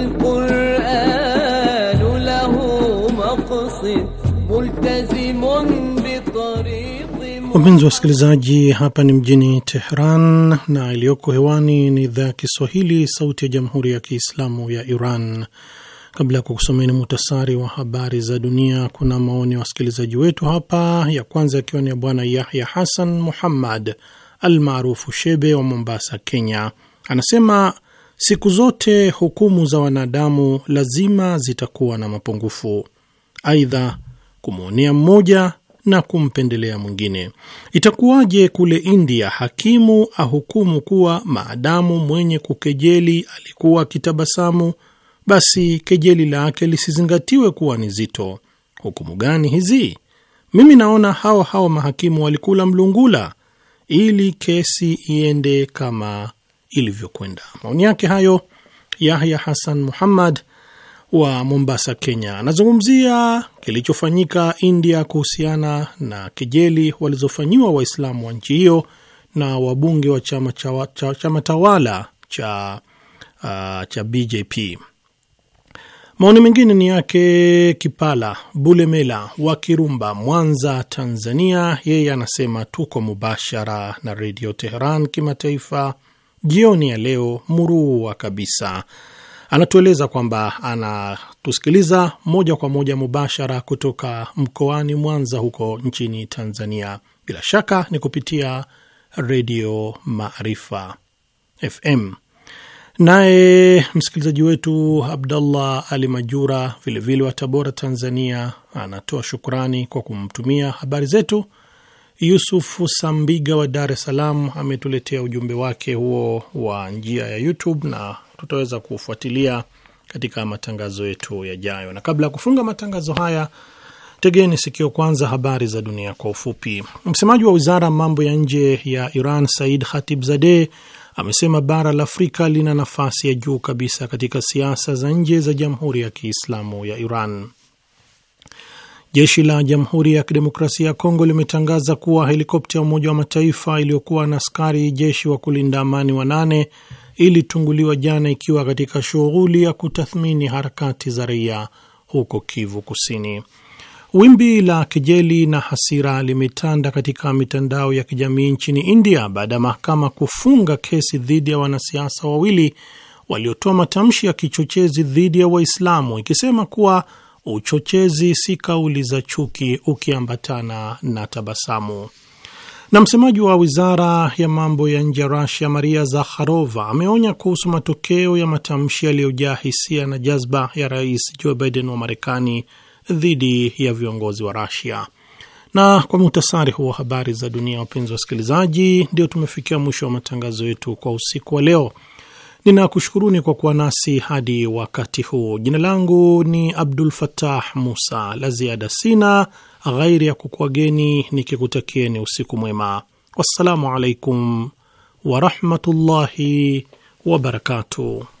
والقرآن له مقصد ملتزم بطريق Wapenzi wasikilizaji, hapa ni mjini Tehran na iliyoko hewani ni idhaa ya Kiswahili, sauti ya jamhuri ya kiislamu ya Iran. Kabla ya kukusomeni muhtasari wa habari za dunia, kuna maoni ya wasikilizaji wetu hapa. Ya kwanza akiwa ni ya Bwana Yahya Hasan Muhammad almaarufu Shebe wa Mombasa, Kenya, anasema Siku zote hukumu za wanadamu lazima zitakuwa na mapungufu, aidha kumwonea mmoja na kumpendelea mwingine. Itakuwaje kule India hakimu ahukumu kuwa maadamu mwenye kukejeli alikuwa akitabasamu, basi kejeli lake lisizingatiwe kuwa ni zito? Hukumu gani hizi? Mimi naona hawa hawa mahakimu walikula mlungula ili kesi iende kama ilivyokwenda. Maoni yake hayo Yahya hasan Muhammad wa Mombasa, Kenya, anazungumzia kilichofanyika India kuhusiana na kejeli walizofanyiwa Waislamu wa nchi hiyo na wabunge wa chama, chama tawala cha, uh, cha BJP. Maoni mengine ni yake Kipala Bulemela wa Kirumba, Mwanza, Tanzania. Yeye anasema tuko mubashara na Redio Teheran kimataifa jioni ya leo murua kabisa. Anatueleza kwamba anatusikiliza moja kwa moja mubashara kutoka mkoani Mwanza huko nchini Tanzania, bila shaka ni kupitia Redio Maarifa FM. Naye msikilizaji wetu Abdallah Ali Majura vilevile wa Tabora, Tanzania, anatoa shukrani kwa kumtumia habari zetu Yusuf Sambiga wa Dar es Salaam ametuletea ujumbe wake huo wa njia ya YouTube na tutaweza kufuatilia katika matangazo yetu yajayo. Na kabla ya kufunga matangazo haya, tegeni sikio kwanza habari za dunia kwa ufupi. Msemaji wa wizara ya mambo ya nje ya Iran Said Khatibzadeh amesema bara la Afrika lina nafasi ya juu kabisa katika siasa za nje za Jamhuri ya Kiislamu ya Iran. Jeshi la Jamhuri ya Kidemokrasia ya Kongo limetangaza kuwa helikopta ya Umoja wa Mataifa iliyokuwa na askari jeshi wa kulinda amani wanane ilitunguliwa jana ikiwa katika shughuli ya kutathmini harakati za raia huko Kivu Kusini. Wimbi la kejeli na hasira limetanda katika mitandao ya kijamii nchini India baada ya mahakama kufunga kesi dhidi ya wanasiasa wawili waliotoa matamshi ya kichochezi dhidi ya Waislamu ikisema kuwa uchochezi si kauli za chuki ukiambatana na tabasamu. Na msemaji wa wizara ya mambo ya nje ya Rasia, Maria Zakharova, ameonya kuhusu matokeo ya matamshi yaliyojaa hisia na jazba ya Rais Joe Biden wa Marekani dhidi ya viongozi wa Rasia. Na kwa muhtasari huo habari za dunia, wapenzi wa wasikilizaji, ndio tumefikia mwisho wa matangazo yetu kwa usiku wa leo. Ninakushukuruni kwa kuwa nasi hadi wakati huu. Jina langu ni Abdul Fattah Musa. La ziada sina ghairi ya kukuageni nikikutakieni usiku mwema. Wassalamu alaikum warahmatullahi wabarakatuh.